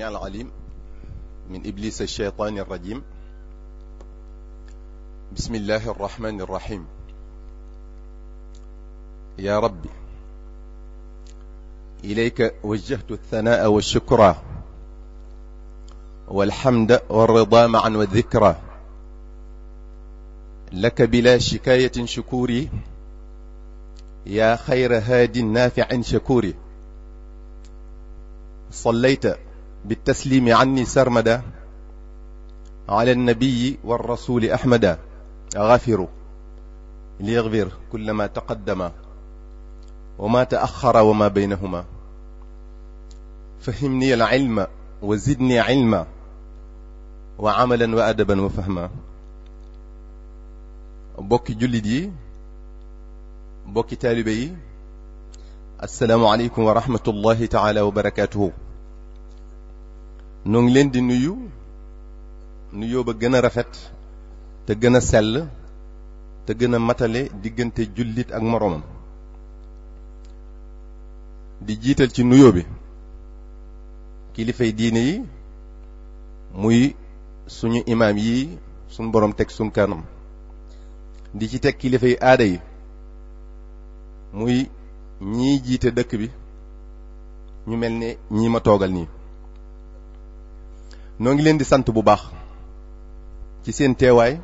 العليم من إبليس الشيطان الرجيم بسم الله الرحمن الرحيم يا ربي إليك وجهت الثناء والشكر والحمد والرضا معا والذكرى لك بلا شكاية شكوري يا خير هاد نافع شكوري صليت بالتسليم عني سرمدا على النبي والرسول أحمدا غفروا ليغفر كل ما تقدم وما تأخر وما بينهما فهمني العلم وزدني علما وعملا وأدبا وفهما bokki jullit yi bokki taalibe yi assalaamu aleykum wa rahmatullahi taala wa barakaatuhu noo ngi leen di nuyu nuyoo ba gën a rafet te gën a sell te gën a matale diggante jullit ak moroomam di jiital ci nuyoo bi kilifay diine yi muy suñu imaam yi suñ borom teg suñ kanam di ci teg kilifay aada yi muy ñiy jiite dëkk bi ñu mel ni ñii ma toogal nii noo ngi leen di sant bu baax ci seen teewaay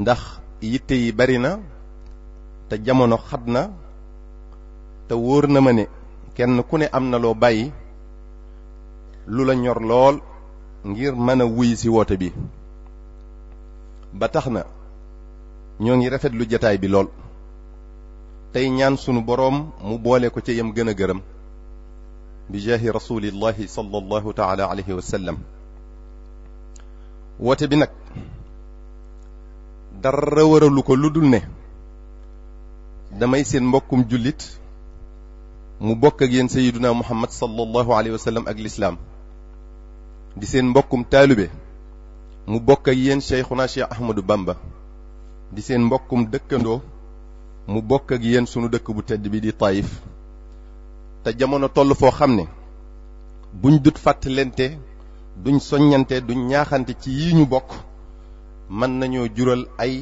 ndax yitte yi bari na te jamono xat na te wóor na ma ne kenn ku ne am na loo bàyyi lu la ñor lool ngir mën a wuy ci woote bi ba tax na ñoo ngi rafet lu jataay bi lool tey ñaan sunu boroom mu boole ko ca yam gën a gërëm bi jaahi rasulillahi sallallahu taala alayhi wa sallam woote bi nag dara waralu ko lu dul ne damay seen mbokkum jullit mu bokk ak yéen sayyiduna muhammad sallallahu wa sallam ak lislaam di seen mbokkum taalibe mu bokk ak yéen cheikhuna cheikh ahmadou bamba di seen mbokkum dëkkandoo mu bokk ak yéen sunu dëkk bu tedd bi di taayif te jamono toll foo xam ne buñ dut fàttalente duñ soññante duñ ñaaxante ci yii ñu bokk mën nañoo jural ay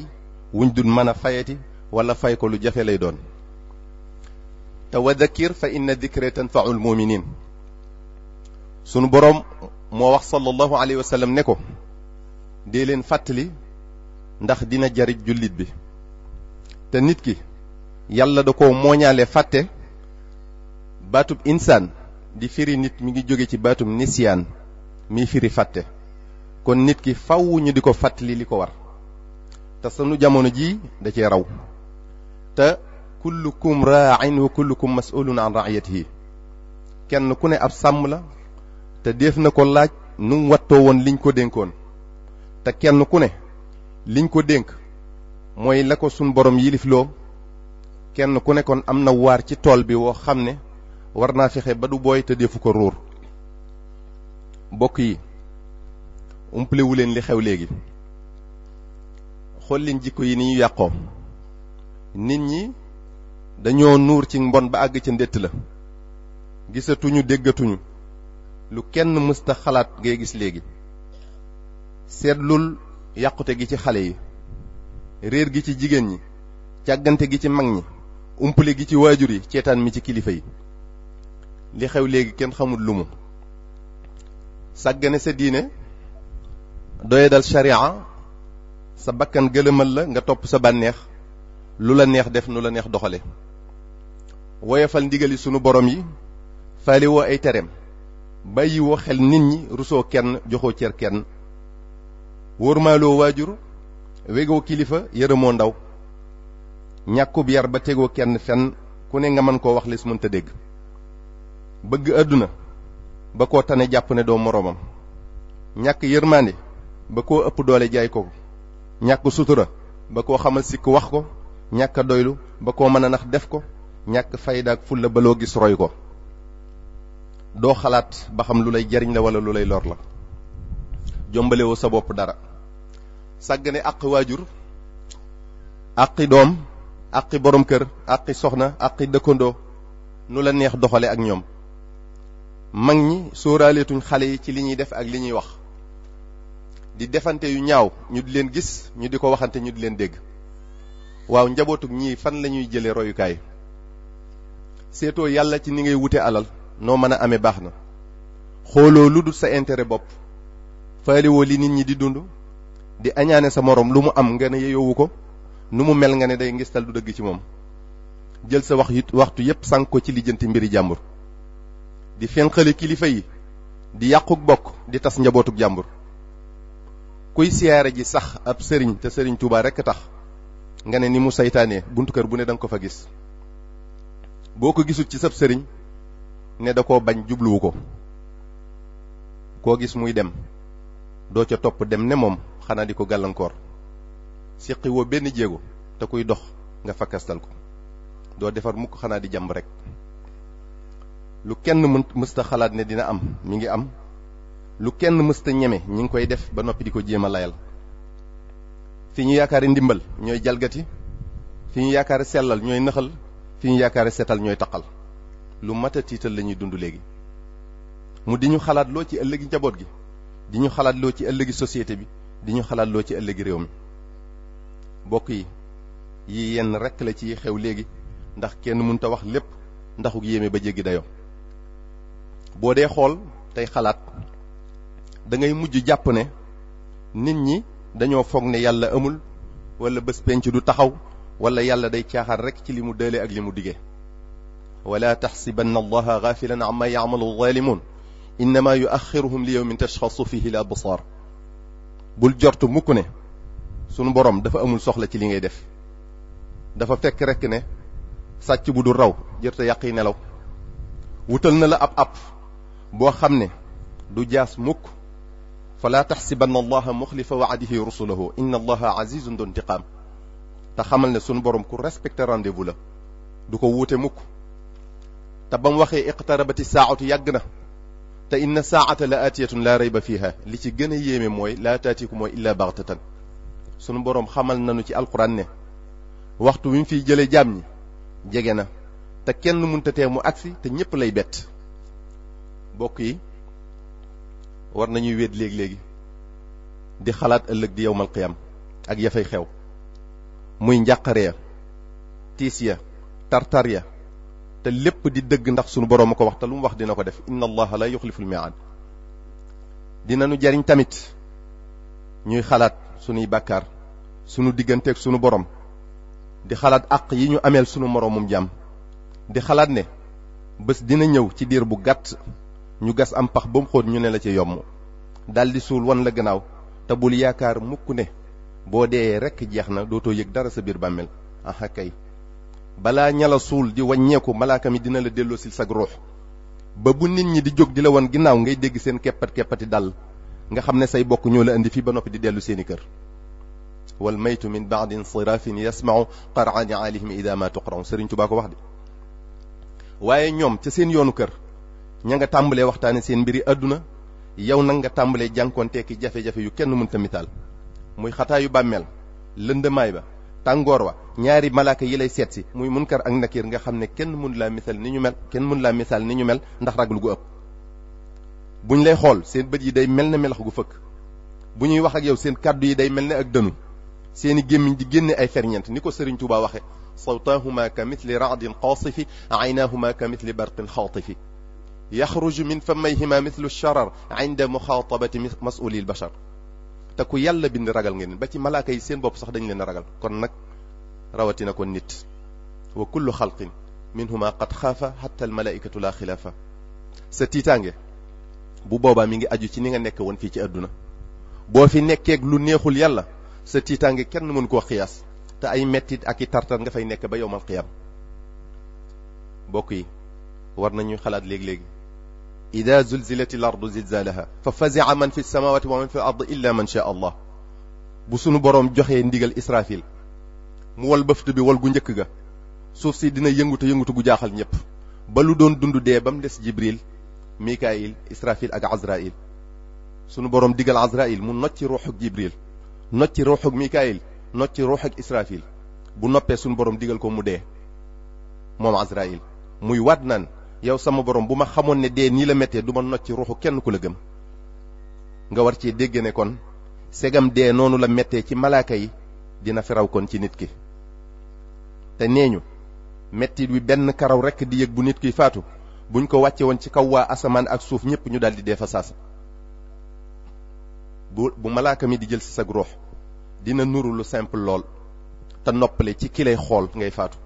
wuñ dul mën a fayati wala fay ko lu jafe lay doon te wa dakir fa inna dikra tanfau lmuminin sunu boroom moo wax sallallahu alayhi wa sallam ne ko dee leen fàttali ndax dina jariñ jullit bi te nit ki yàlla da ko mooñaale fàtte baatub insaan di firi nit mi ngi jóge ci baatum nisyaan mi firi fàtte kon nit ki faw ñu di ko fàttali li ko war te sunu jamono ji da cee raw te kullukum ra'in wa kullukum mas'ulun an ra'iyatihi kenn ku ne ab sàmm la te def na ko laaj nu mu wattoo woon liñ ko dénkoon te kenn ku ne liñ ko dénk mooy la ko sunu borom yilifloo kenn ku ne kon am na waar ci tool bi woo xam ne war naa fexe ba du booy te defu ko ruur mbokk yi umpalewu leen li xew léegi xool leen jikko yi ni ñu yàqoo nit ñi dañoo nuur ci mbon ba àgg ca ndett la gisatuñu déggatuñu lu kenn mësta xalaat ngay gis léegi seetlul yàqute gi ci xale yi réer gi ci jigéen ñi càggante gi ci mag ñi umpale gi ci waajur yi ceetaan mi ci kilifa yi li xew léegi kenn xamul lu mu sàggane sa diine doyadal sharia sa bakkan gëlëmal la nga topp sa bànneex lu la neex def nu la neex doxale woyofal ndigali sunu borom yi faale ay tereem bàyyi woo xel nit ñi rusoo kenn joxoo cër kenn wóormaaloo waajur wegoo kilifa yërëmoo ndaw ñàkkub yar ba tegoo kenn fenn ku ne nga mën koo wax lis mënta dégg bëgg àdduna ba koo tane jàpp ne doo moroomam ñàkk yërmande ba koo ëpp doole jaay ko ñàkk sutura ba koo xamal sikk wax ko ñàkk doylu ba koo mën a nax def ko ñàkk faydaak ak fulla ba loo gis roy ko doo xalaat ba xam lu lay jariñ la wala lu lay lor la jombalewoo sa bopp dara sàggane àq waajur àqi doom àqi borom kër àqi soxna àqi dëkkandoo nu la neex doxale ak ñoom mag ñi sóoraaleetuñ xale yi ci li ñuy def ak li ñuy wax di defante yu ñaaw ñu di leen gis ñu di ko waxante ñu di leen dégg waaw njabootug ñii fan la ñuy jëlee royukaay seetoo yàlla ci ni ngay wute alal noo mën a amee baax na xooloo lu dul sa intérêt bopp faaliwoo li nit ñi di dund di añaane sa morom lu mu am nga ne yeyowu ko nu mu mel nga ne day ngistal du dëgg ci moom jël sa wax waxtu yépp sànq ko ci lijjanti mbiri jàmbur di fénqali kilifa yi di yàquk bokk di tas njabootuk jàmbur kuy siyaare ji sax ab sëriñ te sëriñ Tuubaa rekk tax nga ne ni mu saytaanee buntu kër bu ne danga ko fa gis boo ko gisul ci sab sëriñ ne da koo bañ jubluwu ko koo gis muy dem doo ca topp dem ne moom xanaa di ko gàllankoor siqi benn jéego te kuy dox nga fakkastal ko doo defar mukk xanaa di jàmb rek lu kenn mën mësta xalaat ne dina am mi ngi am lu kenn mësta ñeme ñi ngi koy def ba noppi di ko jéem a layal fi ñu yaakaari ndimbal ñooy jalgati fi ñu yaakaari sellal ñooy nëxal fi ñu yaakaari setal ñooy taqal lu mat a tiital la ñuy dund léegi mu di ñu xalaat ci ëllëgi njaboot gi di ñu xalaat ci ëllëgi société bi di ñu xalaat loo ci ëllëgi réew mi bokk yi yii yenn rekk la ci xew léegi ndax kenn munuta wax lépp ndaxu yéeme ba jéggi dayoo boo dee xool tey xalaat dangay mujj jàpp ne nit ñi dañoo foog ne yàlla amul wala bés penc du taxaw wala yàlla day caaxaan rek ci li mu dële ak li mu dige wala taxsibanna allaha gaafilan amma yaamalu zaalimuun innama yuaxiruhum li yawmin tashxasu fihi l absaar bul jort mukk ne sunu boroom dafa amul soxla ci li ngay def dafa fekk rek ne sàcc bu du raw jërte yàq yi nelaw wutal na la ab ab boo xam ne du jaas mukk falaa taxsibanna allaha muxlifa waadihi rusulahu inna allaha azizun du intiqaam te xamal ne sunu borom ku respecté rendez-vous la du ko wuute mukk te ba mu waxee iqtarabati saatu yàgg na te inna saata la aatiyatun laa rayba fiha li ci gën a yéeme mooy laa taatiku mooy illaa baxtatan sunu borom xamal nañu ci alquran ne waxtu wi mu fiy jële jaam ñi jege na te kenn mënta te mu agsi te ñépp lay bett bokk yi war nañuy wéet léegi-léegi di xalaat ëllëg di yowmal qiyam ak yafay fay xew muy njàqare ya tiis ya tartar ya te lépp di dëgg ndax sunu boroom a ko wax te lu mu wax dina ko def inna allaha la yuxliful mi'ad dina nu jariñ tamit ñuy xalaat sunuy bàkkaar sunu digganteeg sunu boroom di xalaat àq yi ñu ameel sunu moroomum jàmm di xalaat ne bés dina ñëw ci diir bu gàtt ñu gas am pax ba mu xóot ñu ne la ci yomm daldi suul wan la gannaaw te bul yaakaar mukk ne boo deeyee rekk jeex na dootoo yëg dara sa biir bàmmeel aha balaa ñala suul di waññeeku malaaka mi dina la delloo si sag ruux ba bu nit ñi di jóg di la wan ginnaaw ngay dégg seen keppat keppati dal nga xam ne say bokk ñoo la indi fii ba noppi di dellu seeni kër wal maytu min ba'di insirafin yasma'u qar'ani alihim ida ma tuqra'u Sëriñ Tuubaa ko wax de waaye ñoom ca seen yoonu kër ña nga tàmbalee waxtaane seen mbiri àdduna yow nag nga tàmbalee jànkoonteeki jafe-jafe yu kenn mënta misaal muy xataayu yu bàmmeel lëndëmaay ba tàngoor wa ñaari malaaka yi lay seet si muy munkar ak nakiir nga xam ne kenn mun laa misaal ni ñu mel kenn mun laa misaal ni ñu mel ndax raglu gu ëpp buñ lay xool seen bët yi day mel ne melax gu fëkk bu ñuy wax ak yow seen kàddu yi day mel ne ak dënu seeni gémmiñ di génne ay ferñent ni ko Sëriñ Tuubaa waxe sawtaahuma ka mithli raadin qaasifi aynaahuma ka mithli barqin xaatifi yaxruju min famayhima mithlu sharar inda muxaatabati masuli l bashar te ku yàlla bind ragal ngeen ba ci malaaka yi seen bopp sax dañ leen ragal kon nag rawatina ko nit wa kullu xalqin minhuma qad xaafa xatta almalaikatu la xilaafa sa tiitaange bu boobaa mi ngi aju ci ni nga nekk woon fii ci àdduna boo fi nekkeeg lu neexul yàlla sa tiitaange kenn mënu ko xiyaas te ay mettit ak i tartar nga fay nekk ba yowmal qiyaam mbokk yi war nañu xalaat léegi-léegi ida zulzilati lardu zilzalaha fa fazia man fi samawati wa man fi ard illa man sha allah bu suñu boroom joxee ndigal israfil mu wal bëft bi wal gu njëkk ga suuf si dina yëngutu yëngutu gu jaaxal ñëpp ba lu doon dund dee ba mu des jibril mikail israfil ak azrail sunu borom digal azrail mu nocci ruuxuk jibril nocci ruuxuk mikail nocci ruuxuk israfil bu noppee suñu borom digal ko mu dee moom azrail muy waat naan yow sama borom bu ma xamoon ne dee nii la méttee du ma nocci ruuxu kenn ku la gëm nga war ci dégg ne kon segam dee noonu la méttee ci malaaka yi dina fi raw kon ci nit ki te nee ñu mettit wi benn karaw rekk di yëg bu nit kiy faatu buñ ko wàcce woon ci kaw waa asamaan ak suuf ñépp ñu daldi dee fa saasa bu bu malaaka mi di jël si sag ruux dina nuru lu simple lool te noppale ci ki lay xool ngay faatu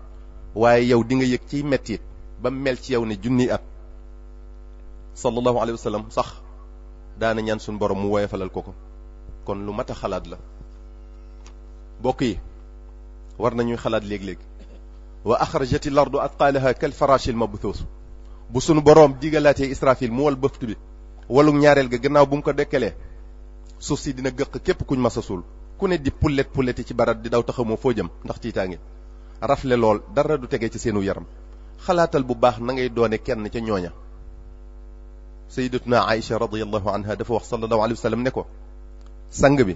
waaye yow di nga yëg ciy mettit ba mel ci yow ne junniy at sallallahu alayhi wa sallam sax daana ñaan suñu borom mu woyofalal ko ko kon lu mat xalaat la bokk yi war nañuy xalaat léegi léeg wa axrajati lardu atqaalaha kal farashil mabthus bu sunu boroom digalaatee israfil mu wal bëft bi walu ñaareel ga gannaaw bu mu ko dekkalee suuf si dina gëq képp kuñ masa suul ku ne di pullet pulleti ci barat di daw taxamoo foo jëm ndax tiitaange rafle lool dara du tege ci seenu yaram xalaatal bu baax na ngay doone kenn ca ñooña sayyidatuna Aïcha radiyallahu anha dafa wax sallallahu alayhi wa sallam ne ko sang bi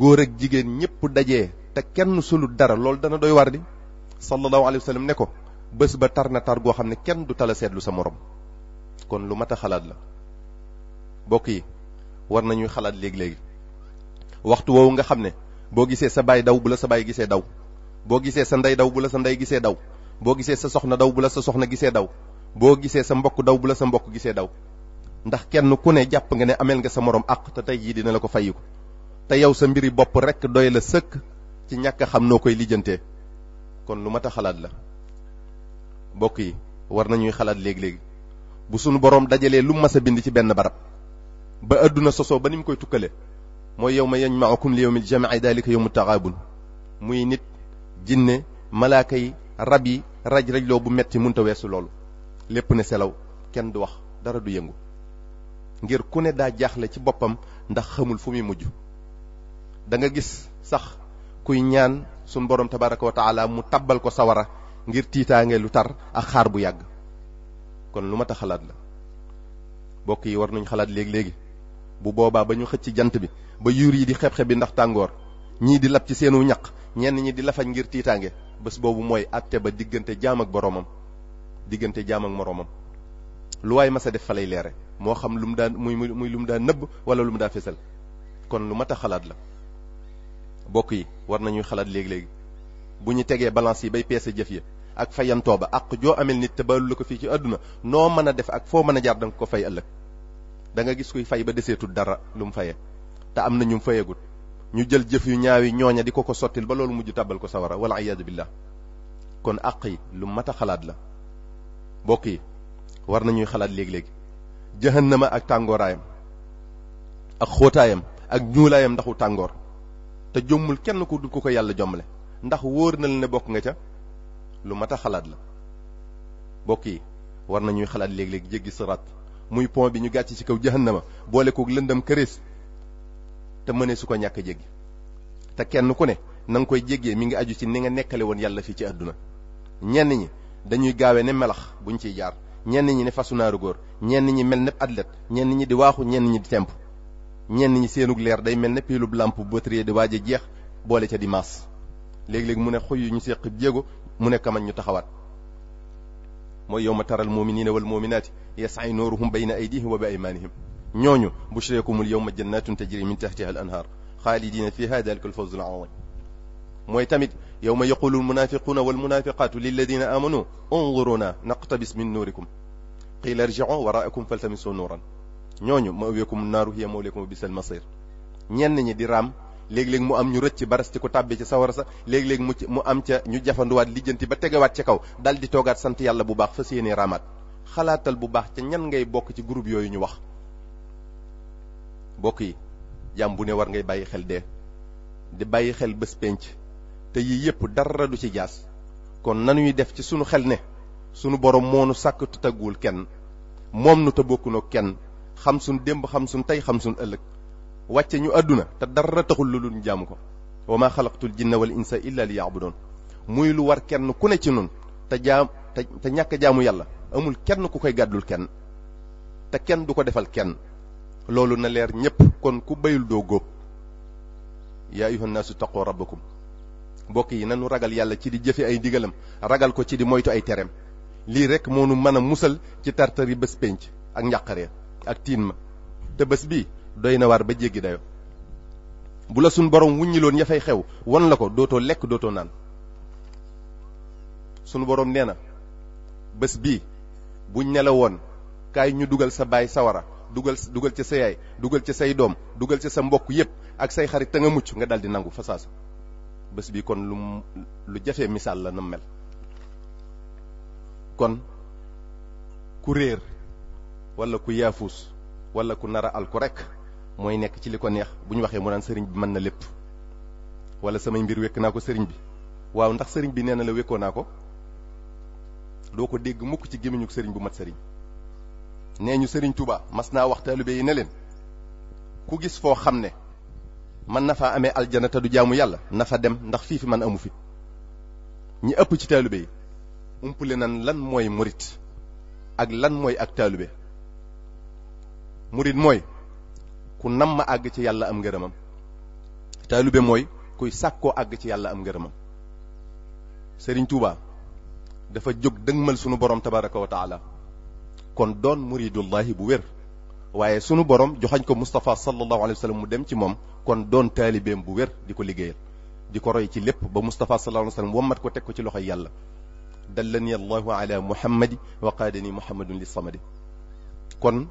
góor ak jigéen ñëpp daje te kenn sulut dara loolu dana doy war di sallallahu alayhi wa sallam ne ko bés ba tar na tar goo xam ne kenn du tala seetlu sa morom kon lu mat xalaat la bokk yi war nañuy xalaat léegi-léegi waxtu woowu nga xam ne boo gisee sa baay daw bu la sa baay gisee daw boo gisee sa ndey daw bu la sa ndey gisee daw boo gisee sa soxna daw bu la sa soxna gisee daw boo gisee sa mbokk daw bu la sa mbokk gisee daw ndax kenn ku ne jàpp nga ne ameel nga sa moroom àq te tey jii dina la ko fayiku te yow sa mbiri bopp rek doy la sëkk ci ñàkk xam noo koy lijjantee kon lu mat a xalaat la mbokk yi war nañuy xalaat léegi-léegi bu sunu boroom dajalee lum mas a bind ci benn barab ba adduna sosoo ba ni mu koy tukkale mooy yow ma yajma'ukum li yawmil jam'i dalika yawmut taghabun muy nit jinne malaaka yi rab yi raj raj loo bu metti munta weesu loolu lépp ne selaw kenn du wax dara du yëngu ngir ku ne daa jaaxle ci boppam ndax xamul fu muy mujj danga gis sax kuy ñaan sun borom tabaraka wa taala mu tabbal ko sawara ngir tiitaange lu tar ak xaar bu yàgg kon lu mat a xalaat la bokk yi war nañ xalaat léegi léegi bu boobaa ba ñu xëcc jant bi ba yuur yi di xeb-xeb bi ndax tàngoor ñii di lab ci seenu ñaq ñenn ñi di lafañ ngir tiitaange bés boobu mooy àtte ba diggante jaam ak boroomam diggante jaam ak moroomam lu waay masa def fa lay leere moo xam lu mu daan muy muy lu mu daan nëbb wala lu mu daa fesal kon lu mat a xalaat la bokk yi war nañuy xalaat léegi-léegi bu ñu tegee balance yi bay peese jëf yi ak fayantoo ba ak joo amel nit te baalu la ko fii ci àdduna noo mën a def ak foo mën a jaar danga ko fay ëllëg da gis kuy fay ba deseetul dara lu mu fayee te am na ñu mu ñu jël jëf yu ñaawi ñooña di ko ko sottil ba loolu mujj tàbbal ko sawara wala iyaadu billah kon àq yi lu mat a xalaat la bokk yi war nañuy xalaat léegi-léegi jahannama ak tàngooraayam ak xóotaayam ak ñuulaayam ndaxu tàngoor te jommul kenn ku du ku ko yàlla jommale ndax wóor na la ne bokk nga ca lu mat a xalaat la bokk yi war nañuy xalaat léegi-léegi jéggi siraat muy pont bi ñu gàcc ci kaw jahannama boole kook lëndam kërees te mënee su ko ñàkk jéggi te kenn ku ne na koy jéggee mi ngi aju ci ni nga nekkale woon yàlla fii ci àdduna ñenn ñi dañuy gaawee ne melax buñ ciy jaar ñenn ñi ne fasu naaru góor ñenn ñi mel ne athlète ñenn ñi di waaxu ñenn ñi di temp ñenn ñi seenug leer day mel ne piilub lampe batterie di waaj a jeex boole ca di maas léegi-léegi mu ne xuy ñu seqib jéego mu ne kamañ ñu taxawaat mooy yow ma taral muminina wal muminaati yasay nooruhum bayna aydihim wa bi aymanihim ñooñu bushreekumul yawma jannatun tajri min tahtiha al anhar xaalidina fiha dalika al fawz al azim mooy tamit yawma yaqulu al munafiquna wal munafiqatu lilladina amanu unzuruna naqtabis min nuurikum qila irji'u wara'akum faltamisu nuuran ñooñu ma'waakum naaru hiya mawlaakum bisal masir ñenn ñi di raam léeg-léeg mu am ñu rëcc baras ci ko tàbbi ci sawara sa léeg-léeg mu mu am ca ñu jafanduwaat lijjanti ba tegewaat ca kaw dal di toogaat sant yàlla bu baax fas yéenee raamaat xalaatal bu ca ñan ngay bokk ci groupe yooyu ñu wax bokk yi jàmm bu ne war ngay bàyyi xel dee di bàyyi xel bés penc te yii yépp dara du ci jaas kon nanuy def ci sunu xel ne sunu borom moo nu sàkk te kenn moom nu te bokkunoo kenn xam suñ démb xam suñ tey xam suñ ëllëg wàcce ñu àdduna te dara taxul lu dul jaamu ko wa maa xalaqtul jinna wal insa illa bu doon muy lu war kenn ku ne ci nun te jaam te ñàkk jaamu yàlla amul kenn ku koy gàddul kenn te kenn du ko defal kenn loolu na leer ñépp kon ku bayul doo góob yaa ayyuhan naasu taqoo rabbakum mbokk yi nanu ragal yàlla ci di jëfe ay digalam ragal ko ci di moytu ay tereem lii rek moo nu mën a musal ci tartari bés pénc ak njàqaree ak tiin ma te bés bi doy na waar ba jéggi dayo bu la suñ borom wuññiloon ya fay xew won la ko dootoo lekk dootoo naan sunu borom nee na bés bii bu ne la woon kaay ñu dugal sa baay sawara dugal dugal ca sa yaay dugal ca say doom dugal ci sa mbokk yépp ak say xarit te nga mucc nga dal di nangu fa saasa bés bi kon lu lu jafee misaal la na mel kon ku réer walla ku yaafuus walla ku nar a alku rek mooy nekk ci li ko neex bu ñu waxee mu naan sëriñ bi mën na lépp wala samay mbir wekk naa ko sëriñ bi waaw ndax sëriñ bi nee na la wekkoo naa ko doo ko dégg mukk ci gémmiñu sëriñ bu mat sëriñ nee ñu sëriñ Touba mas naa wax taalibe yi ne leen ku gis foo xam ne mën na faa amee aljana te du jaamu yàlla na fa dem ndax fii fi man amu fi ñi ëpp ci taalibe yi umpule nan lan mooy morit ak lan mooy ak taalibe morit mooy ku nam ma àgg ci yàlla am ngërëmam taalibe mooy kuy sàkkoo àgg ci yàlla am ngërëmam sëriñ Touba dafa jóg dëgmal sunu borom tabaraka wa taala kon doon muridullahi bu wér waaye sunu borom joxañ ko Moustapha sallallahu alayhi wa mu dem ci moom kon doon taalibeem bu wér di ko liggéeyal di ko roy ci lépp ba Moustapha sallallahu alayhi wa sallam wammat ko teg ko ci loxoy yàlla dallani allahu ala muhammadi wa qaadani muhammadun li samadi kon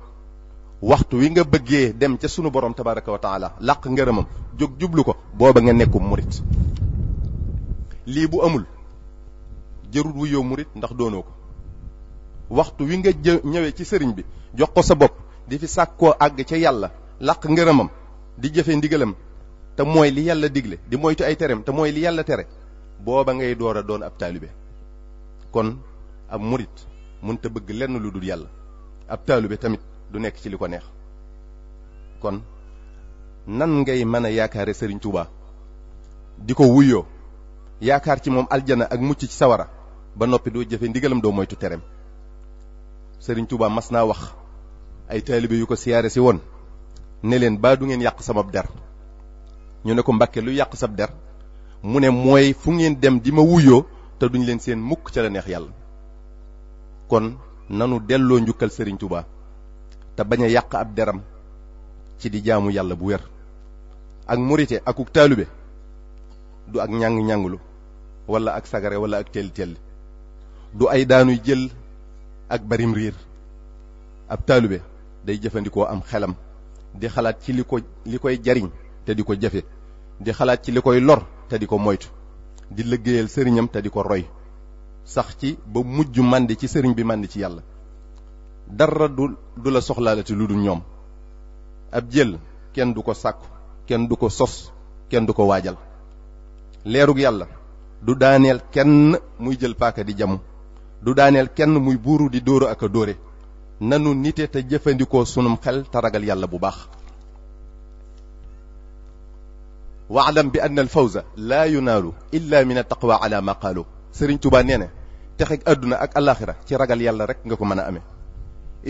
waxtu wi nga bëggee dem ca sunu borom tabaraka wa taala làq ngërëmam jóg jublu ko booba nga nekkum murit lii bu amul jërut wuyoo murit ndax doonoo ko waxtu wi nga jë ñëwee ci sëriñ bi jox ko sa bopp di fi sàkkoo àgg ca yàlla laq ngërëmam di jëfe ndigalam te mooy li yàlla digle di moytu ay terem te mooy li yàlla tere booba ngay door a doon ab taalibe kon ab murit mënta bëgg lenn lu dul yàlla ab taalibe tamit du nekk ci li ko neex kon nan ngay mën a yaakaare sëriñ Tuubaa di ko wuyoo yaakaar ci moom aljana ak mucc ci sawara ba noppi doo jëfe ndigalam doo moytu terem Serigne Touba mas naa wax ay taalibe yu ko siyaare si woon ne leen baa du ngeen yàq samab der ñu ne ko Mbàkke lu yàq sab der mu ne mooy fu ngeen dem di ma wuyoo te duñ leen seen mukk ca la neex yàlla kon nanu delloo njukkal sëriñ Touba te bañ a yàq ab deram ci di jaamu yàlla bu wér ak murite akuk taalibe du ak ñàng-ñànglu wala ak sagare wala ak telli telli du ay daanuy jël ak barim riir ab taalibe day jëfandikoo am xelam di xalaat ci li ko li koy jariñ te di ko jafe di xalaat ci li koy lor te di ko moytu di liggéeyal sëriñam te di ko roy sax ci ba mujj màndi ci sëriñ bi màndi ci yàlla dara du du la soxlaalati lu dul ñoom ab jël kenn du ko sàkku kenn du ko sos kenn du ko waajal leerug yàlla du daaneel kenn muy jël paaka di jamu du daaneel kenn muy buuru di dóor ak a dóore nanu nite te jëfandikoo sunum xel te ragal yàlla bu baax waalam bi anna al fawza laa yunaalu illa min attaqwa ala ma qaalu sëriñ tubaa nee ne texeg àdduna ak alaxira ci ragal yàlla rek nga ko mën a amee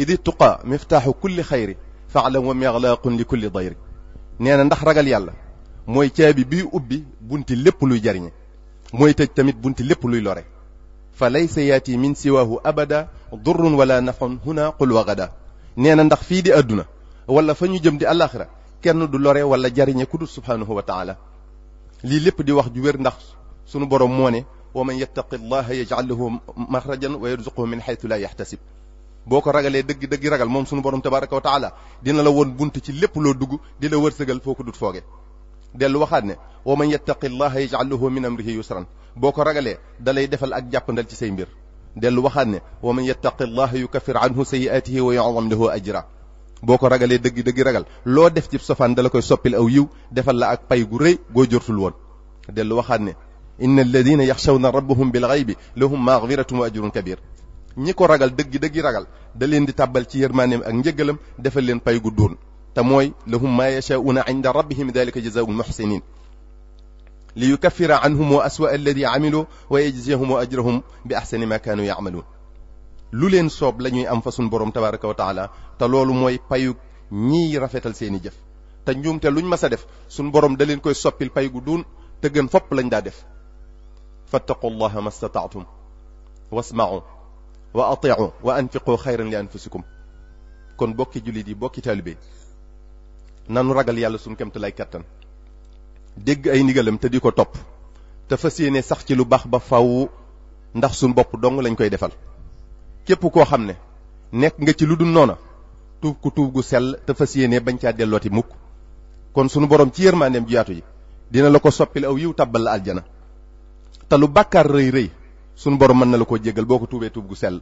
idi tuqaa miftaaxu kulli xayri faalam wa mixlaaqun li kulli dayri nee na ndax ragal yàlla mooy caabi bi ubbi bunti lépp luy jariñe mooy tëj tamit bunti lépp luy lore fa laysa yaati min siwaahu abada durrun wala nafon huna qul wa gada nee na ndax fii di àdduna wala fa ñu jëm di àllaaxira kenn du lore wala jariñe ku dul subhaanahu wa taala lii lépp di wax ju wér ndax sunu borom moo ne wa man yattaqi llaha yaj'al lahu maxrajan wa yarzuquhu min haythu la yahtasib boo ko ragalee dëgg dëgg ragal moom sunu borom tabaraka wa taala dina la woon bunt ci lépp loo dugg di la wërsëgal foo ko dut fooge dellu waxaat ne wa man yattaqi llaha yaj'al lahu min amrihi yusran boo ko ragalee dalay defal ak jàppandal ci say mbir dellu waxaat ne wa man yattaqi llaha yukaffir anhu sayyi'atihi wa yu'zam lahu ajra boo ko ragalee dëgg dëgg ragal loo def ci sofaan dala koy soppil aw yiw defal la ak pay gu rëy goo jortul woon dellu waxaat ne inna alladina yaxshawna rabbahum bil ghaybi lahum maghfiratun wa ajrun kabir ñi ko ragal dëgg dëggi ragal da leen di tàbbal ci yërmaaneem ak njëgalam defal leen pay gu duun te mooy lahum maa yashaa'uuna inda rabbihim daalika jazaa'ul muhsiniin li yukaffira anhum wa aswa alladi amilu wa yajziyahum wa ajrahum bi ahsani ma kaanu yaamaluun lu leen soob la ñuy am fa suñ boroom tabaraka wa taala te loolu mooy payug ñiy rafetal seeni jëf te njuum te luñ mas a def suñ boroom da leen koy soppil pay gu duun te gën fopp lañ daa def fattaqu allaha ma stataatum wasmau wa atiu wa anfiqu xayran li anfusikum kon bokki jullit yi bokki taalibe nanu ragal yàlla suñ kemtu lay kàttan dégg ay ndigalam te di ko topp te fas yéene sax ci lu baax ba faw ndax suñ bopp dong lañ koy defal képp koo xam ne nekk nga ci lu dul noona tuub ku tuub gu sell te fas yéene bañ caa dellooti mukk kon sunu borom ci yërmandeem jiyaatu yi dina la ko soppile aw yiw tàbbal la aljana te lu bàkkaar rëy rëy sunu borom mën na la koo jéggal boo ko tuubee tuub gu sel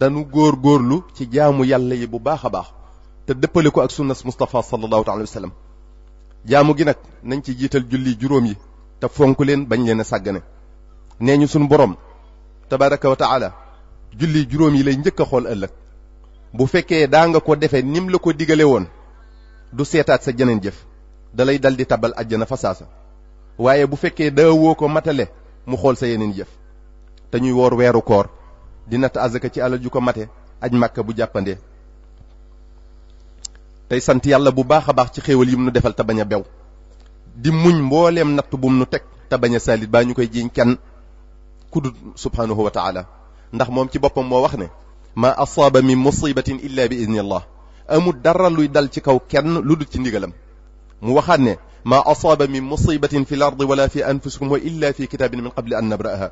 danu góor góorlu ci jaamu yàlla yi bu baax a baax te dëppale ko ak sunnas Mustafa sallallahu alayhi wa sallam jaamu gi nag nañ ci jiital julli juróom yi te fonk leen bañ leen a sàggane nee ñu sunu borom tabaraka wa taala julli juróom yi lay njëkk a xool ëllëg bu fekkee daa nga ko defee nim la ko digale woon du seetaat sa jeneen jëf dalay dal di tabal àjjana fa saasa waaye bu fekkee daawoo ko matale mu xool sa yeneen jëf te woor weeru koor di natt azaka ci alal ju ko mate aj màkka bu jàppande tey sant yàlla bu baax a baax ci xéewal yim nu defal te bañ a bew di muñ mbooleem natt bum nu teg te bañ a saalit baa ñu koy jiiñ kenn ku dul subhaanahu wa taala ndax moom ci boppam moo wax ne maa asaaba min musibatin illa bi idnillah amul dara luy dal ci kaw kenn lu dul ci ndigalam mu waxaat ne maa asaaba min musibatin fi l ardi wala fi anfusikum wa illa fi kitaabin min qabli an nabra'aha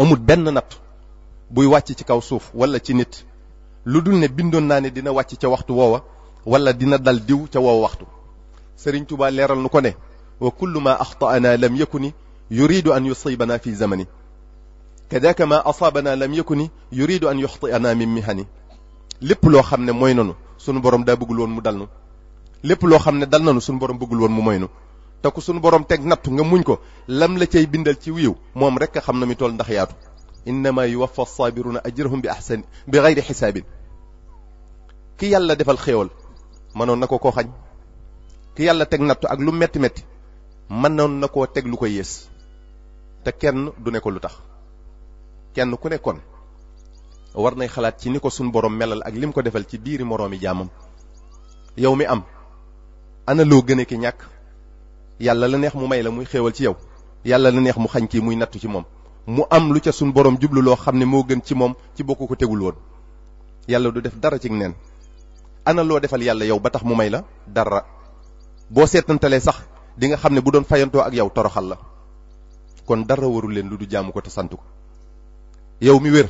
amul benn natt buy wàcc ci kaw suuf walla ci nit lu dul ne bindoon naa ne dina wàcc ca waxtu woowa wala dina dal diw ca woow waxtu Sëriñ Tuubaa leeral nu ko ne wa kullu ma axta'anaa lam yakuni yuridu an yusiibanaa fi zamani kadaka ma asaabanaa lam yakuni yuridu an yuxti'anaa min mihani lépp loo xam ne mooy nanu sunu borom daa bëggul mu dal lépp loo xam ne dal nanu sunu borom bëggul woon mu moy nu te ku borom teg nattu nga muñ ko lam la cay bindal ci wiiw moom rek xam na mi tool ndax yaatu innama yuwaffa saabiruna ajrahum bi ahsani bi gayri xisaabin ki yàlla defal xéewal mënoon na ko koo xañ ki yàlla teg nattu ak lu metti metti mënoon na koo teg lu ko yées te kenn du ne ko lu tax kenn ku ne kon war nay xalaat ci ni ko suñ borom melal ak lim ko defal ci biiri moroomi jaamam yow mi am ana loo gëne ki ñàkk yàlla la neex mu may la muy xéewal ci yow yàlla la neex mu xañ kii muy nattu ci moom mu am lu ca suñ boroom jublu loo xam ne moo gën ci moom ci bokk ko tegul woon yàlla du def dara ci neen ana loo defal yàlla yow ba tax mu may la dara boo seetantalee sax di nga xam ne bu doon fayantoo ak yow toroxal la kon dara warul leen lu du jaamu ko te sant ko yow mi wér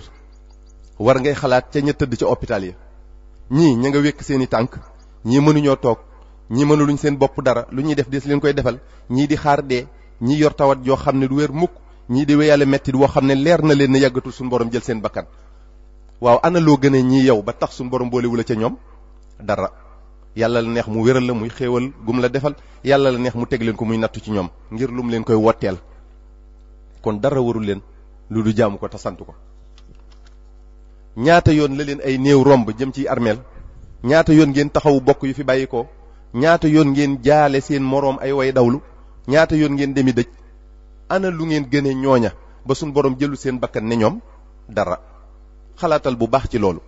war ngay xalaat ca ña tëdd ca hôpital ya ñii ña nga wékk seeni tànk ñii mënuñoo toog ñii mënuluñ seen bopp dara lu ñuy def des leen koy defal ñii di xaar dee ñii yor tawat yoo xam ne du wér mukk ñii di wéyale mettit woo xam ne leer na leen yàggatul suñu borom jël seen bakkan waaw ana loo gën a ñii yow ba tax suñu borom boolewula ca ñoom dara yàlla la neex mu wéral la muy xéewal gum la defal yàlla la neex mu teg leen ko muy nattu ci ñoom ngir lum leen koy wotteel kon dara waru leen lu du jaamu ko te ko ñaata yoon la leen ay néew romb jëm ci armeel ñaata yoon ngeen taxawu bokk yu fi bàyyi ko ñaata yoon ngeen jaale seen moroom ay way dawlu ñaata yoon ngeen demi dëj ana lu ngeen gëne ñooña ba suñ borom jëlu seen bakkan ne ñoom dara xalaatal bu baax ci loolu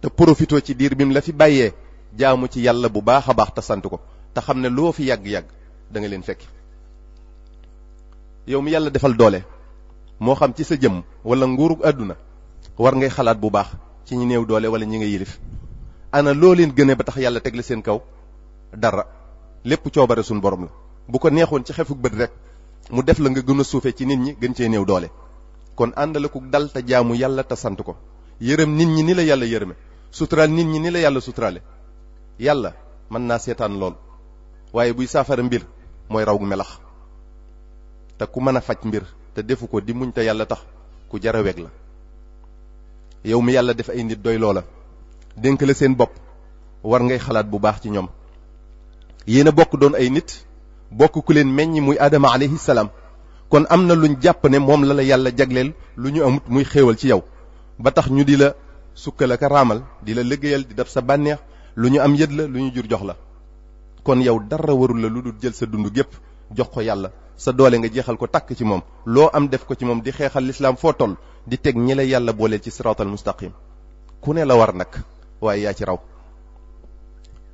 te profitoo ci diir bi mu la fi bàyyee jaamu ci yàlla bu baax a baax te sant ko te xam ne loo fi yàgg-yàgg danga leen fekk yow mi yàlla defal doole moo xam ci sa jëm wala nguurug àdduna war ngay xalaat bu baax ci ñi néew doole wala ñi nga yilif ana loo leen gënee ba tax yàlla teg la seen kaw dara lépp coobare suñu borom la bu ko neexoon ci xefuk bët rek mu def la nga gën a suufee ci nit ñi gën cee néew doole kon àndale ku dal te jaamu yàlla te ko yërëm nit ñi ni la yàlla yërëme suturaal nit ñi ni la yàlla suturaale yàlla mën naa seetaan lool waaye buy saafara mbir mooy raw melax te ku mën a faj mbir te defu ko di muñ yàlla tax ku jara weg la yow mi yàlla def ay nit doy loola dénk la seen bopp war ngay xalaat bu baax ci ñoom yéen a bokk doon ay nit bokk ku leen meññi muy aadama alayhi kon am na luñ jàpp ne moom la la yàlla jagleel lu ñu amut muy xéewal ci yow ba tax ñu di la sukkal ak raamal di la liggéeyal di def sa bànneex lu ñu am yët la lu ñu jur jox la kon yow dara warul la lu dul jël sa dund gépp jox ko yàlla sa doole nga jeexal ko takk ci moom loo am def ko ci moom di xeexal lislaam foo toll di teg ñi yàlla booleel ci siraatal mustaqim ku ne la war nag waaye yaa ci raw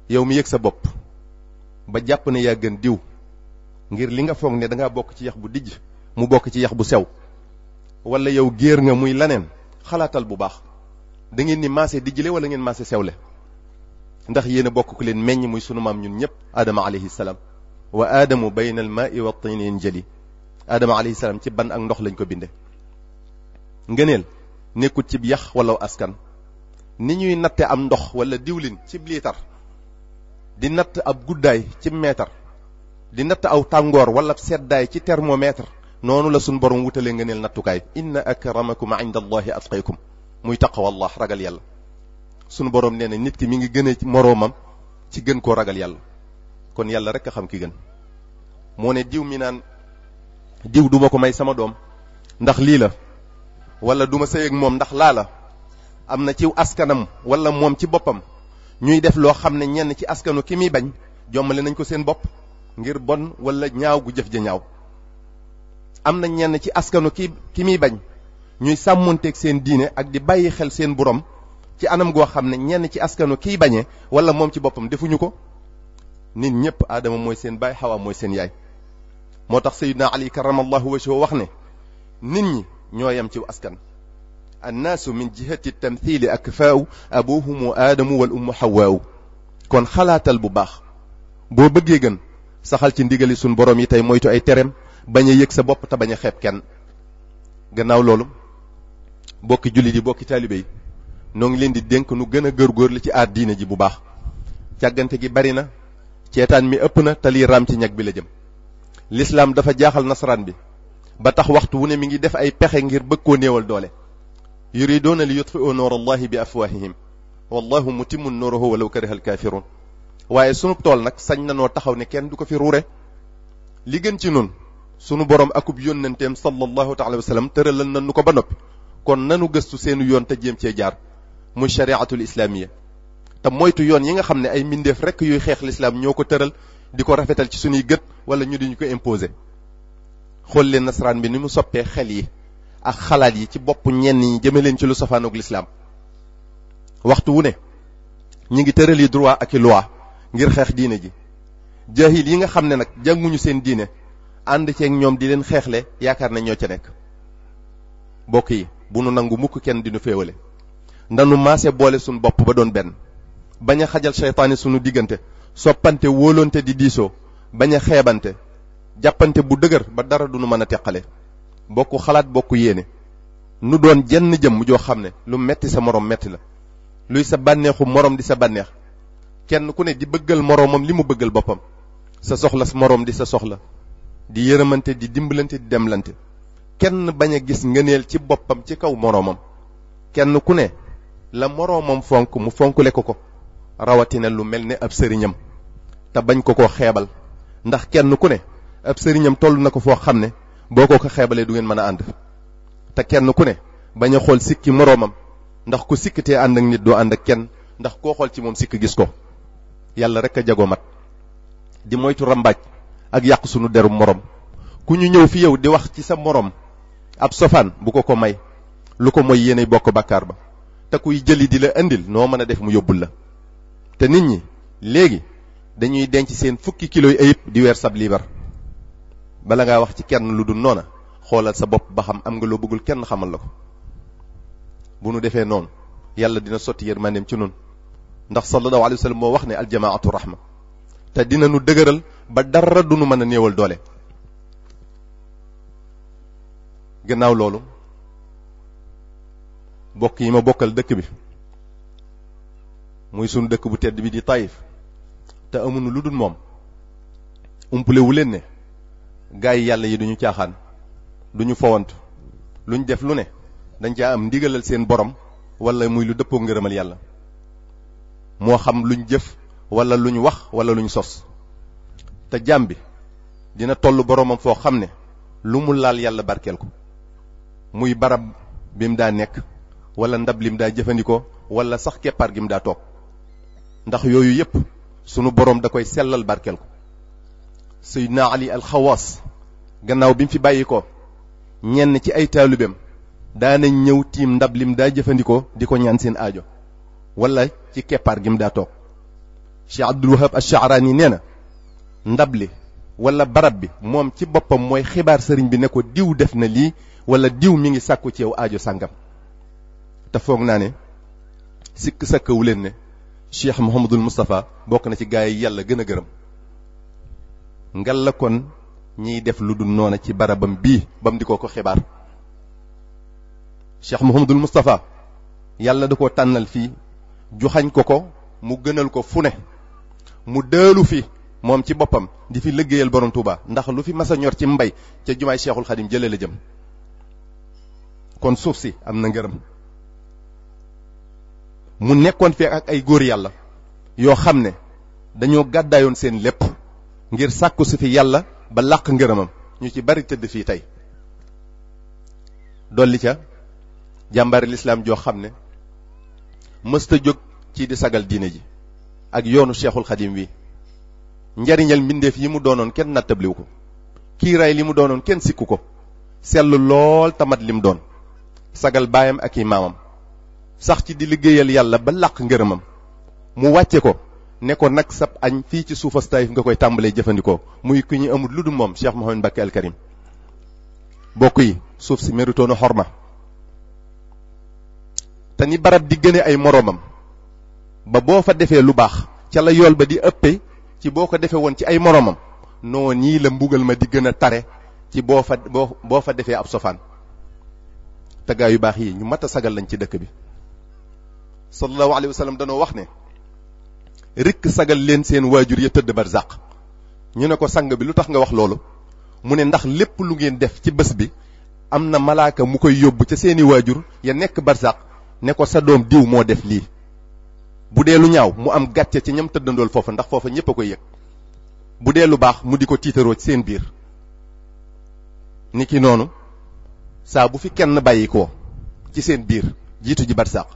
yow mi yëg sa bopp ba jàpp ne yaa gën diw ngir li nga foog ne danga bokk ci yax bu dijj mu bokk ci yax bu sew walla yow géer nga muy laneen xalaatal bu baax da ngeen ni maase dijjle wala ngeen maase sewle ndax yéen bokk ku leen meññ muy sunu maam ñun ñëpp aadama alayhi salaam wa aadamu bayna al maai wa tin yanjali aadama alayhi salaam ci ban ak ndox lañ ko binde ngëneel nekkut cib yax wala askan ni ñuy natte am ndox wala diwlin cib liitar di natt ab guddaay ci meetar di natt aw tàngoor wala seddaay ci thermomètre noonu la suñ borom wutale ngëneel nattukaay inna akramakum inda allahi atqaykum muy taqwallah ragal yàlla sunu borom nee na nit ki mi ngi gën a moroomam ci gën koo ragal yàlla kon yàlla rek a xam ki gën moo ne diw mi naan diw duma ko may sama doom ndax lii la wala duma sëy ak moom ndax laa la am na ciw askanam walla moom ci boppam ñuy def loo xam ne ñenn ci askanu ki muy bañ jommale nañ ko seen bopp ngir bon wala ñaaw gu jëf ja ñaaw am na ñenn ci askanu ki ki muy bañ ñuy sàmmonteeg seen diine ak di bàyyi xel seen borom ci anam goo xam ne ñenn ci askanu kiy bañee wala moom ci boppam defuñu ko nit ñëpp aadama mooy seen baay xawaa mooy seen yaay moo tax sayyidina ali karamallahu wajhahu wax ne nit ñi ñoo yem ci askan annaasu min jihati tamthili akfaaw abuhumu aadamu wal ummu hawaaw kon xalaatal bu baax boo bëggee gën saxal ci ndigali suñ borom yi tey moytu ay terem bañ a sa bopp te bañ a xeeb kenn gannaaw loolu bokki jullit yi bokki taalibe yi noo ngi leen di dénk nu gën a góorgóorlu ci aar diine ji bu baax càggante gi bari na ceetaan mi ëpp na te lii ci ñag bi la jëm lislaam dafa jaaxal nasaraan bi ba tax waxtu wu ne mi ngi def ay pexe ngir bëgg koo néewal doole yuriduuna li yutfi'u nuura allahi bi afwaahihim wallahu mutimmu nuurihi walaw kariha alkaafiruun waaye sunub tool nag sañ nanoo taxaw ne kenn du ko fi ruure li gën ci nun sunu boroom akub yónnanteem sallallahu taala wa sallam tëralal na nu ko ba noppi kon nanu gëstu seenu yoon te jéem cee jaar muy chariatul yi te moytu yoon yi nga xam ne ay mbindeef rekk yuy xeex lislaam ñoo ko tëral di ko rafetal ci suñuy gët wala ñu diñu ko imposer xool leen nasaraan bi ni mu soppee xel yi ak xalaat yi ci boppu ñenn ñi jëme leen ci lu safaanoog lislaam waxtu wu ne ñi ngi tëral yi droit ak i ngir xeex diine ji jaahil yi nga xam ne nag jànguñu seen diine ànd ceeg ñoom di leen xeexle yaakaar na ñoo ca nekk bokk yi bu nu nangu mukk kenn di nu féewale ndanu maase boole suñu bopp ba doon benn bañ a xajal seytaane sunu diggante soppante wóolonte di diisoo bañ a xeebante jàppante bu dëgër ba dara du mën a teqale bokku xalaat bokk yéene nu doon jenn jëmm joo xam ne lu metti sa moroom metti la luy sa bànneexu moroom di sa bànneex kenn ku ne di bëggal moroomam li mu bëggal boppam sa soxla moroom di sa soxla di yërëmante di dimbalante di demlante kenn bañ a gis ngëneel ci boppam ci kaw moroomam kenn ku ne la moroomam fonk mu fonkule ko ko rawatina lu mel ne ab sëriñam te bañ ko ko xeebal ndax kenn ku ne ab sëriñam toll na ko foo xam ne boo ko ko xeebalee du ngeen mën a ànd te kenn ku ne bañ a xool sikki moroomam ndax ku sikkitee ànd ak nit du ànd ak kenn ndax koo xool ci moom sikk gis ko yàlla rek a jagoo mat di moytu rambaaj ak yàq sunu deru moroom ku ñu ñëw fi yow di wax ci sa moroom ab sofaan bu ko ko may lu ko moy yéenay bokk bàkkaar ba te kuy jëli di la indil noo mën a def mu yóbbul la te nit ñi léegi dañuy denc seen fukki kilo yi ayib di weer sab liibar bala ngaa wax ci kenn lu dul noona xoolal sa bopp ba xam am nga loo bëggul kenn xamal la ko bu nu defee noonu yàlla dina sotti yërmandeem ci noonu ndax sallallahu alayhi wa sallam moo wax ne aljamaatu rahma te dina nu dëgëral ba dara du nu mën a néewal doole gannaaw loolu bokk yi ma bokkal dëkk bi muy sunu dëkk bu tedd bi di Taïf te amuñu lu dul moom umpale wu leen ne gaa yi yàlla yi duñu caaxaan duñu fowant luñ def lu ne dañ ca am ndigalal seen borom wala muy lu dëppoo ngërëmal yàlla moo xam luñ jëf wala luñ wax wala luñ sos te jaam bi dina toll boromam foo xam ne lu mu laal yàlla barkeel ko muy barab bi mu daa nekk wala ndab li mu daa jëfandikoo wala sax keppaar gi mu daa toog ndax yooyu yépp sunu boroom da koy sellal barkeel ko Seydina Ali alxawaas gannaaw bi mu fi bàyyi ko ñenn ci ay taalibeem daanañ ñëw tiim ndab lim daa jëfandikoo di ko ñaan seen aajo walla ci keppaar gi mu daa toog Cheikh Abdul Wahab Ash-Sha'rani nee na ndab li wala barab bi moom ci boppam mooy xibaar sëriñ bi ne ko diw def na lii wala diw mi ngi sàkku ci yow aajo sàngam te foog naa ne sikk sàkkawu leen ne Cheikh Mouhamadul Moustapha bokk na ci gaa yi yàlla gën a gërëm ngal la kon ñiy def lu dul noona ci barabam bii bam di ko ko xibaar Cheikh Mouhamadul Moustapha yàlla da ko tànnal fii joxañ ko ko mu gënal ko fu ne mu dëlu fi moom ci boppam di fi liggéeyal borom Touba ndax lu fi mas a ñor ci mbay ca jumaay Cheikhul Khadim jëlee la jëm kon suuf si am na ngërëm mu nekkoon fi ak ay góor yàlla yoo xam ne dañoo gàddaayoon seen lépp ngir sàkku si fi yàlla ba làq ngërëmam ñu ci bari tëdd fii tey dolli ca jàmbari lislaam joo xam ne mësta jóg ci di sagal diine ji ak yoonu seexul xadim wi njariñal mbindeef yi mu doonoon kenn nattabliwu ko kiiraay li mu doonoon kenn sikku ko sellu lool tamat lim doon sagal baayam ak i maamam sax ci di liggéeyal yàlla ba làq ngërëmam mu wàcce ko ne ko nag sab añ fii ci suufas Taif nga koy tàmbalee jëfandikoo muy ku ñu amul lu dul moom Cheikh Mouhamed Mbacké Al bokk yi suuf si méritoon na xorma te ni barab di gëne ay moroomam ba boo fa defee lu baax ca la yool ba di ëpp ci boo ko defee woon ci ay moroomam noonu ñii la mbugal ma di gën a tare ci boo fa boo boo fa defee ab sofaan taggaay yu baax yi ñu mat a sagal lañ ci dëkk bi sallallahu alayhi wa sallam danoo wax ne rikk sagal leen seen waajur ya tëdd barzaq ñu ne ko sang bi lu tax nga wax loolu mu ne ndax lépp lu ngeen def ci bés bi am na malaaka mu koy yóbbu ca seeni waajur ya nekk barzaq ne ko sa doom diw moo def lii bu dee lu ñaaw mu am gàcce ci ñam tëddandool foofa ndax foofa ñépp a koy yëg bu dee lu baax mu di ko tiitaroo ci seen biir niki noonu saa bu fi kenn bàyyi ko ci seen biir jiitu ji barsàq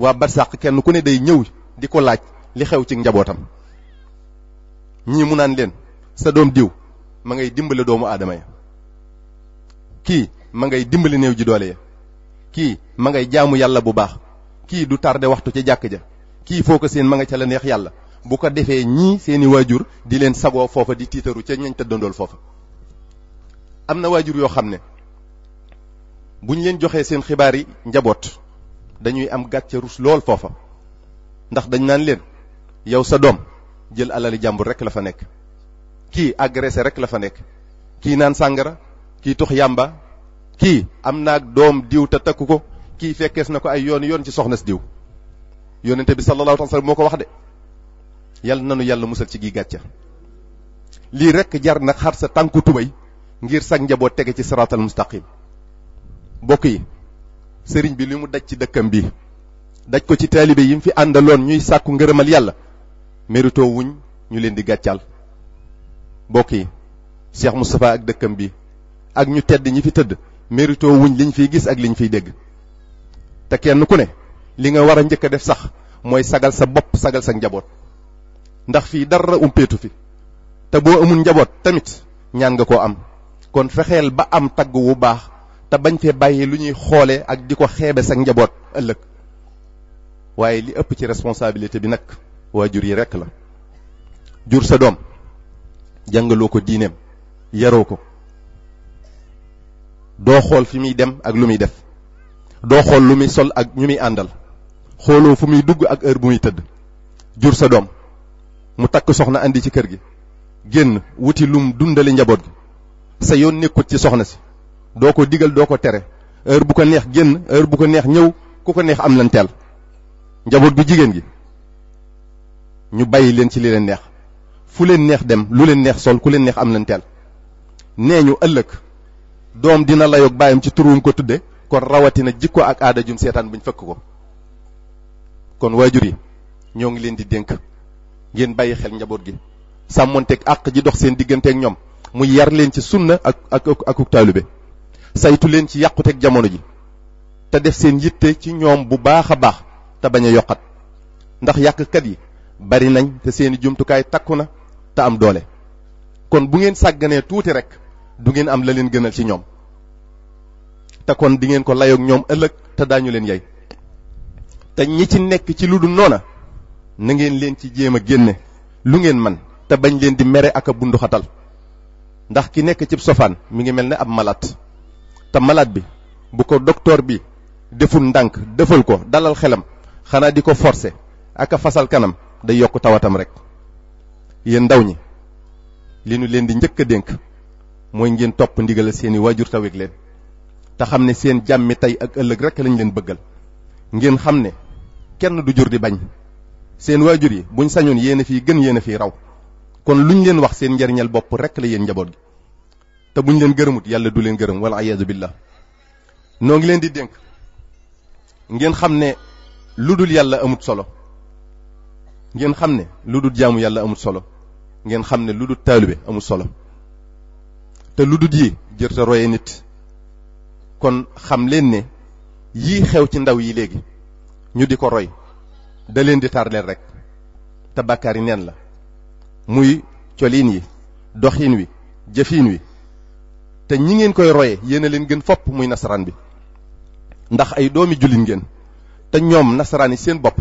waa barsàq kenn ku ne day ñëw di ko laaj li xew ci njabootam ñii mu naan leen sa doom diw ma ngay dimbale doomu aadama ya kii ma ngay dimbali néew ji doole ya kii ma ngay jaamu yàlla bu baax kii du tardé waxtu ci jàkk ja kii foo ko seen ma nga ca la neex yàlla bu ko defee ñii seeni waajur di leen sagoo foofa di tiitaru ca ñañ tëddandool foofa am na waajur yoo xam ne bu ñu leen joxee seen xibaar yi njaboot dañuy am gàcce rus lool foofa ndax dañ naan leen yow sa doom jël alali jàmbur rek la fa nekk kii agressé rek la fa nekk kii naan sàngara kii tox yàmba kii am naag doom diw te takku ko kii fekkees na ko ay yoon yoon ci soxnas diw yonente bi sallallahu alayhi wa sallam moo ko wax de yàlla nanu yàlla musal ci gi gàcce lii rek jar na xar sa tànku tubay ngir sag njaboot tege ci siraatal mustaqim bokk yi sëriñ bi li mu daj ci dëkkam bi daj ko ci taalibe yi mu fi àndaloon ñuy sàkku ngërëmal yàlla mérito wuñ ñu leen di gàccal mbokk yi Cheikh Moustapha ak dëkkam bi ak ñu tedd ñi fi tëdd mérito wuñ liñ fiy gis ak li ñu fiy dégg te kenn ku ne li nga war a njëkk a def sax mooy sagal sa bopp sagal sa njaboot ndax fii dara umpeetu fi te boo amul njaboot tamit ñaan nga koo am kon fexeel ba am tagg wu baax te bañ fee bàyyi lu ñuy xoolee ak di ko xeebe sa njaboot ëllëg waaye li ëpp ci responsabilité bi nag waa jur yi rekk la jur sa doom jàngaloo ko diineem yaroo ko doo xool fi muy dem ak lu muy def doo xool lu muy sol ak ñu muy àndal xooloo fu muy dugg ak heure bu muy tëdd jur sa doom mu takk soxna indi ci kër gi génn wuti lum dundali njaboot gi sa yoon nekkut ci soxna si doo ko digal doo ko tere heure bu ko neex génn heure bu ko neex ñëw ku ko neex am lan njaboot gu jigéen gi ñu bàyyi leen ci li leen neex fu leen neex dem lu leen neex sol ku leen neex am lan nee ñu ëllëg doom dina layoog bàyyam ci turuwum ko tudde kon rawatina jikko ak aada jum seetaan ñu fekk ko kon waajur yi ñoo ngi leen di dénk ngeen bàyyi xel njaboot gi sàmmonteeg àq ji dox seen diggante ak ñoom mu yar leen ci sunna ak ak ak taalube saytu leen ci yàquteeg jamono ji te def seen yitte ci ñoom bu baax a baax te bañ a yokkat ndax yàqkat yi bari nañ te seeni jumtukaay takku na te am doole kon bu ngeen sàgganee tuuti rek du ngeen am la leen gënal ci ñoom te kon di ngeen ko layoog ñoom ëllëg te daañu leen yey te ñi ci nekk ci lu dul noona na ngeen leen ci jéem a génne lu ngeen man te bañ leen di mere ak a bunduxatal ndax ki nekk cib sofaan mi ngi mel ne ab malaat te malade bi bu ko docteur bi deful ndànk defal ko dalal xelam xanaa di ko forcer ak a fasal kanam day yokk tawatam rek yéen ndaw ñi li nu leen di njëkk a dénk mooy ngeen topp ndigal seeni waajur taweg leen te xam ne seen jàmmi tey ak ëllëg rek lañ leen bëggal ngeen xam ne kenn du jur di bañ seen waajur yi buñ sañoon yéen a fiy gën yéen a fiy raw kon lu ñu leen wax seen njariñal bopp rek la yéen njaboot gi te bu ñu leen gërëmut yàlla du leen gërëm wala ayaadu billah noo ngi leen di dénk ngeen xam ne lu dul yàlla amut solo ngeen xam ne lu dul jaamu yàlla amut solo ngeen xam ne lu dul taalibe amut solo te lu dul yi jërte roye nit kon xam leen ne yii xew ci ndaw yi léegi ñu di ko roy da leen di tarleel rek te bàkkaar yi neen la muy coliin yi doxin wi jëfiin wi te ñi ngeen koy roye yéen a leen gën fopp muy nasaraan bi ndax ay doomi jullit ngeen te ñoom nasaraan yi seen bopp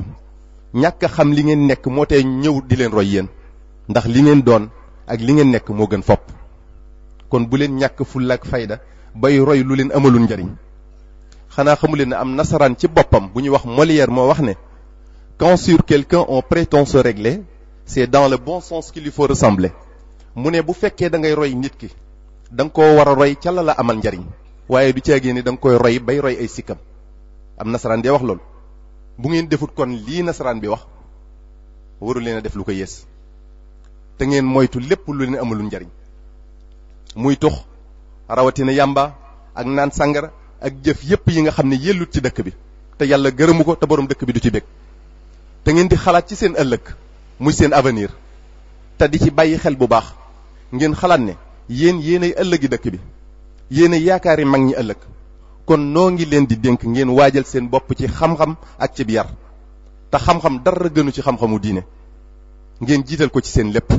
ñàkk xam li ngeen nekk moo tee ñëw di leen roy yéen ndax li ngeen doon ak li ngeen nekk moo gën fopp kon bu leen ñàkk fulla ak fayda bay roy lu leen amalul njariñ xanaa xamu leen am nasaraan ci boppam bu ñuy wax Molière moo wax ne quand sur quelqu'un on prétend se régler c'est dans le bon sens qu'il lui faut mu ne bu fekkee da ngay roy nit ki da nga koo war a roy ca la la amal njariñ waaye du caagee ni da nga koy roy bay roy ay sikkam am nasaraan dee wax loolu bu ngeen defut kon lii nasaraan bi wax waru leen a def lu ko yées te ngeen moytu lépp lu leen amul njariñ muy tux rawatina yàmba ak naan sàngara ak jëf yépp yi nga xam ne yellut ci dëkk bi te yàlla gërëmu ko te borom dëkk bi du ci bég te ngeen di xalaat ci seen ëllëg muy seen avenir te di ci bàyyi xel bu baax ngeen xalaat ne yéen yéenay ëllëgi dëkk bi yéenay yaakaari mag ñi ëllëg kon noo ngi leen di dénk ngeen waajal seen bopp ci xam-xam ak ci yar te xam-xam dara gënu ci xam-xamu diine ngeen jiital ko ci seen lépp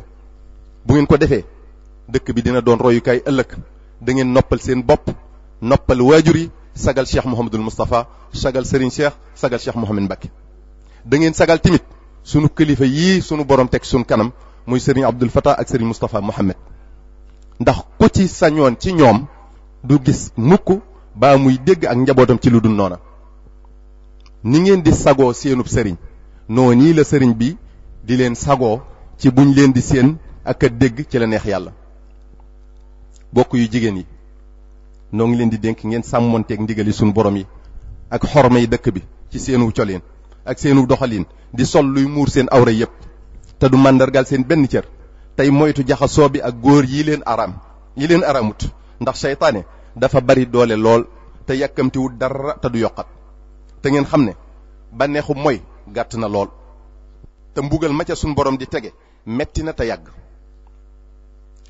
bu ngeen ko defee dëkk bi dina doon royukaay ëllëg da ngeen noppal seen bopp noppal waajur yi sagal cheikh Mouhamadul Moustapha sagal Serigne Cheikh sagal cheikh Mouhamad Mbacke da ngeen sagal tamit sunu kilifa yii sunu borom teg sunu kanam muy Serigne Abdul Fattah ak Serigne Moustapha ndax ku ci sañoon ci ñoom du gis mukk baa muy dégg ak njabootam ci lu dul noona ni ngeen di sagoo seenub sëriñ noo nii la sëriñ bi di leen sagoo ci buñ leen di seen ak a dégg ci la neex yàlla bokk yu jigéen yi noo ngi leen di dénk ngeen sàmmoonteeg ndigali suñu borom yi ak xorme yi dëkk bi ci seenu colin ak seenu doxaliin di sol luy muur seen awra yépp te du màndargaal seen benn cër tey moytu jaxasoo bi ak góor yi leen araam yi leen araamut ndax seytaane dafa bari doole lool te yàkkamtiwul dara te du yokkat te ngeen xam ne bànneexu moy gàtt na lool te mbugal ma ca suñ borom di tege metti na te yàgg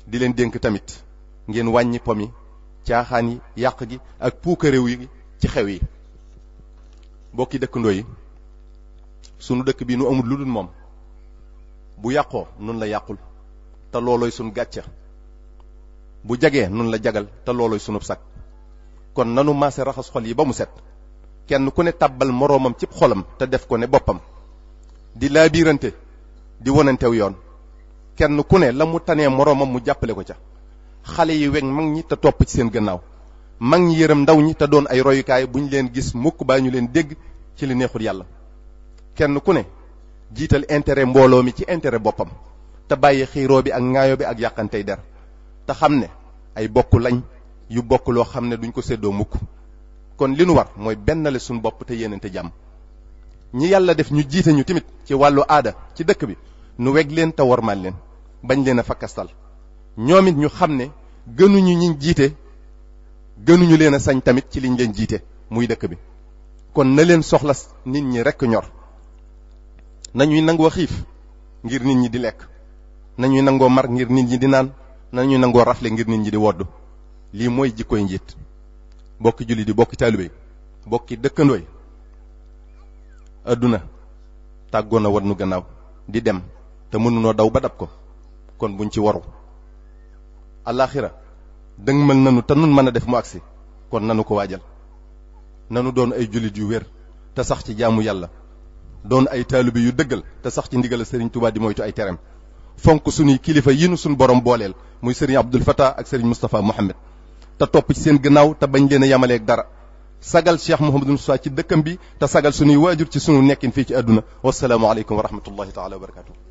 di leen dénk tamit ngeen wàññi po mi caaxaan yi yàq gi ak puukaréew yi ci xew yi bokki dëkkandoo yi sunu dëkk bi nu amul lu dul moom bu yàqoo nun la yàqul te loolooy sunu gàcca bu jagee nun la jagal te loolooy sunub sag kon nanu maase raxas xol yi ba mu set kenn ku ne tàbbal moroomam ci xolam te def ko ne boppam di laabiirante di wonantew yoon kenn ku ne la mu tanee moroomam mu jàppale ko ca xale yi weg mag ñi te topp ci seen gannaaw mag ñi yërëm ndaw ñi te doon ay royukaay bu ñu leen gis mukk baa ñu leen dégg ci li neexul yàlla kenn ku ne jiital intérêt mbooloo mi ci intérêt boppam te bàyyi xiiro bi ak ŋaayoo bi ak yàqantey der te xam ne ay bokk lañ yu bokk loo xam ne duñ ko seddoo mukk kon li nu war mooy bennale suñu bopp te te jàmm ñi yàlla def ñu jiite ñu tamit ci wàllu aada ci dëkk bi nu weg leen te wormaal leen bañ leen a fakkastal ñoom it ñu xam ne gënuñu ñiñ jiite gënuñu leen a sañ tamit ci liñ leen jiite muy dëkk bi kon na leen soxla nit ñi rekk ñor nañuy nangoo xiif ngir nit ñi di lekk nañuy nangoo mar ngir nit ñi di naan nañuy nangoo rafle ngir nit ñi di wodd lii mooy jikkoy njiit bokki julli di bokki taalibe bokki dëkkandooy adduna tàggoon a war nu gannaaw di dem te mënunoo daw ba dab ko kon buñ ci waru alaxira dëngmal nanu te nun mën a def mu agsi kon nanu ko waajal nanu doon ay jullit yu wér te sax ci jaamu yàlla doon ay taalibe yu dëggal te sax ci ndigal Sëriñ Tuubaa di moytu ay terem fonk suñuy kilifa yi nu suñu borom booleel muy sëriñ Abdul Fatah ak sëriñ Moustapha Mohamed te topp ci seen gannaaw te bañ leen a yamaleeg dara sagal Cheikh Mouhamadou Moussa ci dëkkam bi te sagal suñuy waajur ci sunu nekkin fii ci àdduna wasalaamualeykum wa rahmatullahi taala wa barakatuh